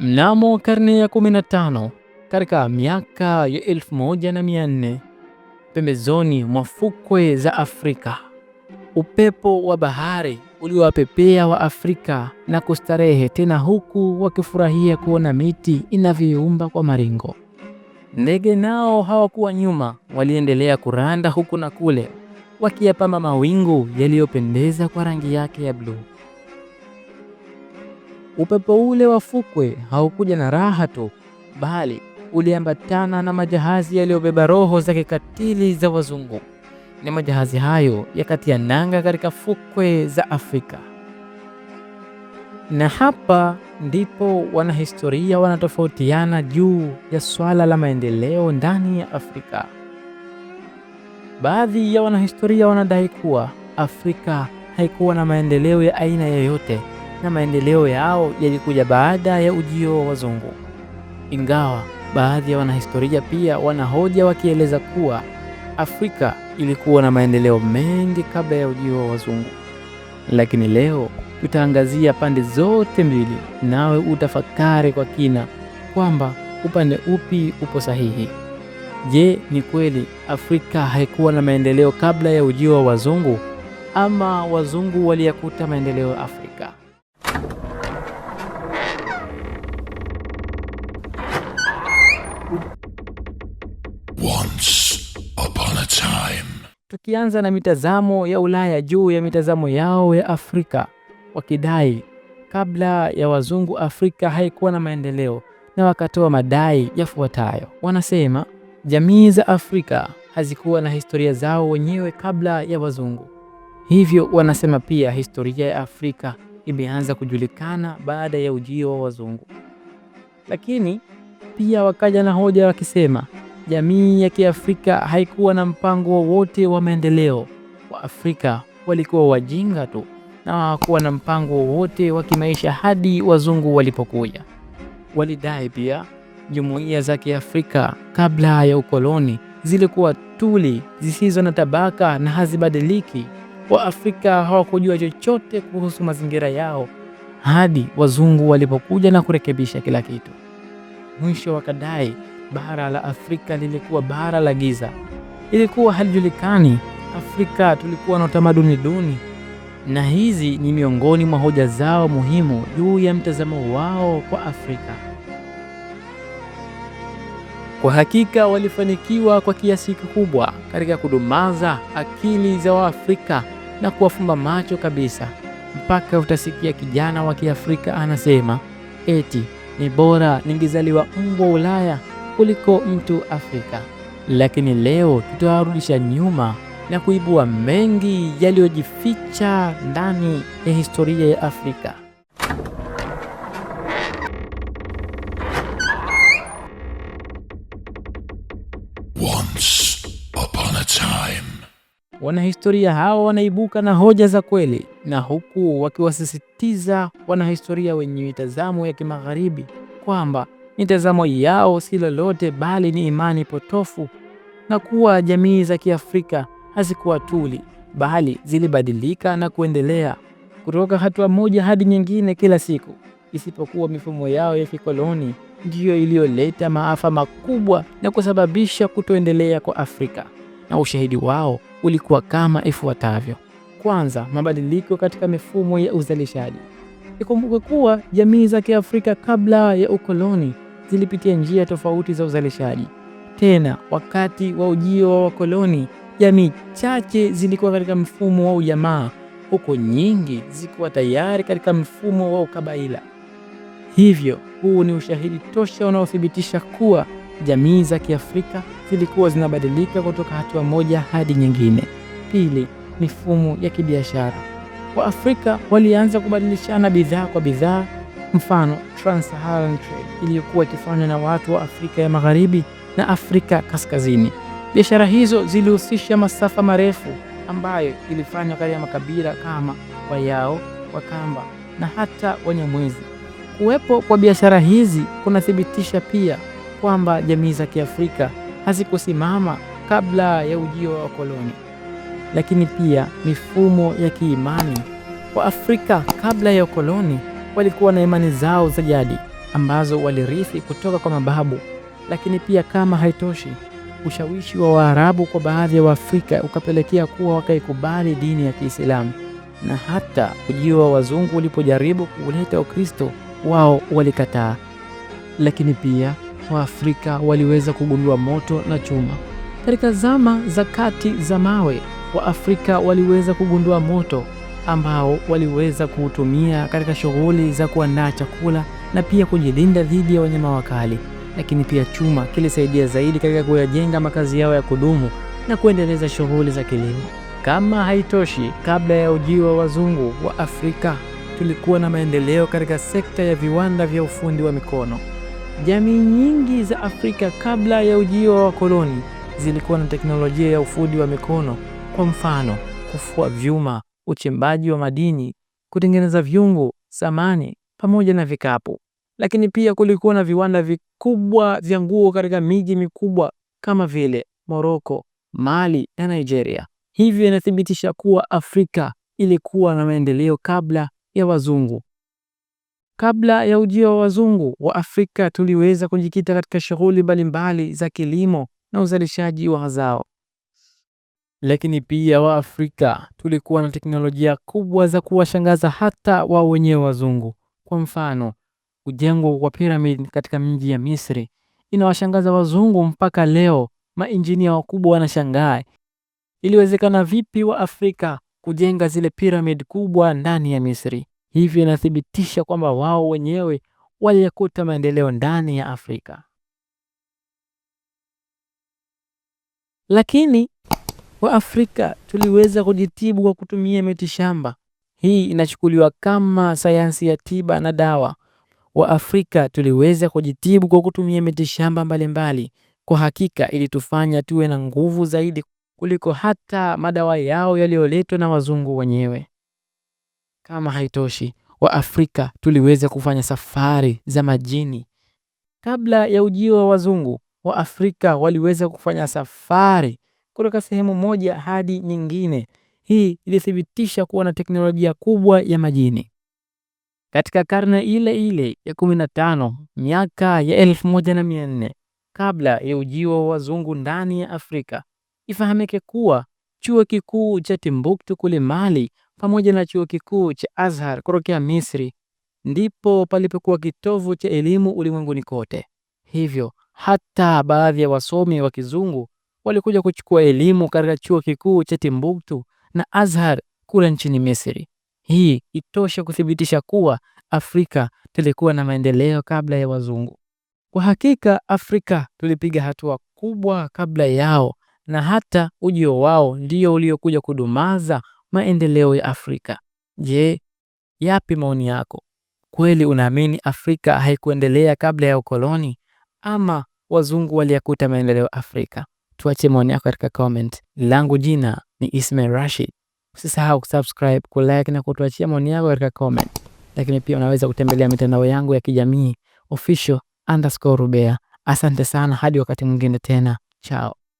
Mnamo karne ya 15 katika miaka ya 1400 pembezoni mwa fukwe za Afrika, upepo wa bahari uliowapepea wa Afrika na kustarehe tena, huku wakifurahia kuona miti inavyoumba kwa maringo. Ndege nao hawakuwa nyuma, waliendelea kuranda huku na kule, wakiyapamba mawingu yaliyopendeza kwa rangi yake ya bluu. Upepo ule wa fukwe haukuja na raha tu, bali uliambatana na majahazi yaliyobeba roho za kikatili za wazungu. Ni majahazi hayo yakatia nanga katika fukwe za Afrika, na hapa ndipo wanahistoria wanatofautiana juu ya swala la maendeleo ndani ya Afrika. Baadhi ya wanahistoria wanadai kuwa Afrika haikuwa na maendeleo ya aina yoyote na maendeleo yao yalikuja baada ya ujio wa wazungu, ingawa baadhi ya wanahistoria pia wanahoja wakieleza kuwa Afrika ilikuwa na maendeleo mengi kabla ya ujio wa wazungu. Lakini leo tutaangazia pande zote mbili, nawe utafakari kwa kina kwamba upande upi upo sahihi. Je, ni kweli Afrika haikuwa na maendeleo kabla ya ujio wa wazungu ama wazungu waliyakuta maendeleo ya Afrika? tukianza na mitazamo ya Ulaya juu ya mitazamo yao ya Afrika, wakidai kabla ya wazungu Afrika haikuwa na maendeleo, na wakatoa madai yafuatayo. Wanasema jamii za Afrika hazikuwa na historia zao wenyewe kabla ya wazungu. Hivyo wanasema pia historia ya Afrika imeanza kujulikana baada ya ujio wa wazungu. Lakini pia wakaja na hoja wakisema Jamii ya Kiafrika haikuwa na mpango wowote wa, wa maendeleo. Waafrika walikuwa wajinga tu na hawakuwa na mpango wowote wa kimaisha hadi wazungu walipokuja. Walidai pia jumuiya za Kiafrika kabla ya ukoloni zilikuwa tuli, zisizo na tabaka na hazibadiliki. Waafrika hawakujua chochote kuhusu mazingira yao hadi wazungu walipokuja na kurekebisha kila kitu. Mwisho wakadai bara la Afrika lilikuwa bara la giza, ilikuwa halijulikani. Afrika tulikuwa na utamaduni duni, na hizi ni miongoni mwa hoja zao muhimu juu ya mtazamo wao kwa Afrika. Kwa hakika walifanikiwa kwa kiasi kikubwa katika kudumaza akili za Waafrika na kuwafumba macho kabisa, mpaka utasikia kijana wa Kiafrika anasema eti ni bora ningezaliwa mbwa Ulaya kuliko mtu Afrika, lakini leo tutawarudisha nyuma na kuibua mengi yaliyojificha ndani ya historia ya Afrika. Once upon a time. Wanahistoria hawa wanaibuka na hoja za kweli na huku wakiwasisitiza wanahistoria wenye mitazamo ya kimagharibi kwamba Mitazamo yao si lolote bali ni imani potofu, na kuwa jamii za Kiafrika hazikuwa tuli bali zilibadilika na kuendelea kutoka hatua moja hadi nyingine kila siku, isipokuwa mifumo yao ya kikoloni ndiyo iliyoleta maafa makubwa na kusababisha kutoendelea kwa Afrika. Na ushahidi wao ulikuwa kama ifuatavyo: kwanza, mabadiliko katika mifumo ya uzalishaji. Ikumbuke kuwa jamii za Kiafrika kabla ya ukoloni zilipitia njia tofauti za uzalishaji. Tena wakati wa ujio wa wakoloni, jamii chache zilikuwa katika mfumo wa ujamaa, huko nyingi zikiwa tayari katika mfumo wa ukabaila. Hivyo huu ni ushahidi tosha unaothibitisha kuwa jamii za Kiafrika zilikuwa zinabadilika kutoka hatua moja hadi nyingine. Pili, mifumo ya kibiashara. Waafrika walianza kubadilishana bidhaa kwa bidhaa Mfano, Trans-Saharan Trade iliyokuwa ikifanywa na watu wa Afrika ya Magharibi na Afrika Kaskazini. Biashara hizo zilihusisha masafa marefu ambayo ilifanywa kati ya makabila kama Wayao, Wakamba na hata Wanyamwezi. Kuwepo kwa biashara hizi kunathibitisha pia kwamba jamii za Kiafrika hazikusimama kabla ya ujio wa wakoloni, lakini pia mifumo ya kiimani wa Afrika kabla ya ukoloni walikuwa na imani zao za jadi ambazo walirithi kutoka kwa mababu. Lakini pia kama haitoshi, ushawishi wa Waarabu kwa baadhi ya wa Waafrika ukapelekea kuwa wakaikubali dini ya Kiislamu, na hata ujio wa wazungu ulipojaribu kuleta Ukristo wao walikataa. Lakini pia Waafrika waliweza kugundua moto na chuma. Katika zama za kati za mawe, Waafrika waliweza kugundua moto ambao waliweza kuutumia katika shughuli za kuandaa chakula na pia kujilinda dhidi ya wanyama wakali. Lakini pia chuma kilisaidia zaidi katika kuyajenga makazi yao ya kudumu na kuendeleza shughuli za kilimo. Kama haitoshi, kabla ya ujio wa wazungu wa Afrika, tulikuwa na maendeleo katika sekta ya viwanda vya ufundi wa mikono. Jamii nyingi za Afrika kabla ya ujio wa wakoloni zilikuwa na teknolojia ya ufundi wa mikono, kwa mfano kufua vyuma, uchimbaji wa madini, kutengeneza vyungu, samani pamoja na vikapu. Lakini pia kulikuwa na viwanda vikubwa vya nguo katika miji mikubwa kama vile Moroko, Mali na Nigeria. Hivyo inathibitisha kuwa Afrika ilikuwa na maendeleo kabla ya wazungu. Kabla ya ujio wa wazungu wa Afrika, tuliweza kujikita katika shughuli mbalimbali za kilimo na uzalishaji wa mazao lakini pia Waafrika tulikuwa na teknolojia kubwa za kuwashangaza hata wao wenyewe wazungu. Kwa mfano, kujengwa kwa piramidi katika mji ya Misri inawashangaza wazungu mpaka leo. Mainjinia wakubwa wanashangaa iliwezekana vipi Waafrika kujenga zile piramidi kubwa ndani ya Misri. Hivyo inathibitisha kwamba wao wenyewe waliyakuta maendeleo ndani ya Afrika. Lakini wa Afrika tuliweza kujitibu kwa kutumia mitishamba. Hii inachukuliwa kama sayansi ya tiba na dawa. Wa Afrika tuliweza kujitibu kwa kutumia mitishamba mbalimbali. Kwa hakika ilitufanya tuwe na nguvu zaidi kuliko hata madawa yao yaliyoletwa na wazungu wenyewe. Kama haitoshi, wa Afrika tuliweza kufanya safari za majini. Kabla ya ujio wa wazungu, wa Afrika waliweza kufanya safari kutoka sehemu moja hadi nyingine. Hii ilithibitisha kuwa na teknolojia kubwa ya majini. Katika karne ile ile ya 15 miaka ya 1400 kabla ya ujio wa wazungu ndani ya Afrika, ifahamike kuwa chuo kikuu cha Timbuktu kule Mali pamoja na chuo kikuu cha Azhar kutokea Misri ndipo palipokuwa kitovu cha elimu ulimwenguni kote. Hivyo hata baadhi ya wasomi wa kizungu walikuja kuchukua elimu katika chuo kikuu cha Timbuktu na Azhar kule nchini Misri. Hii itosha kuthibitisha kuwa Afrika tulikuwa na maendeleo kabla ya wazungu. Kwa hakika, Afrika tulipiga hatua kubwa kabla yao, na hata ujio wao ndio uliokuja kudumaza maendeleo ya Afrika. Je, yapi maoni yako? Kweli unaamini Afrika haikuendelea kabla ya ukoloni ama wazungu waliyakuta maendeleo Afrika? tuache maoni yako katika comment. Langu jina ni Ismail Rashid. Usisahau kusubscribe, kulike na kutuachia maoni yako katika comment, lakini pia unaweza kutembelea mitandao yangu ya kijamii official_rubea. Asante sana, hadi wakati mwingine tena, chao.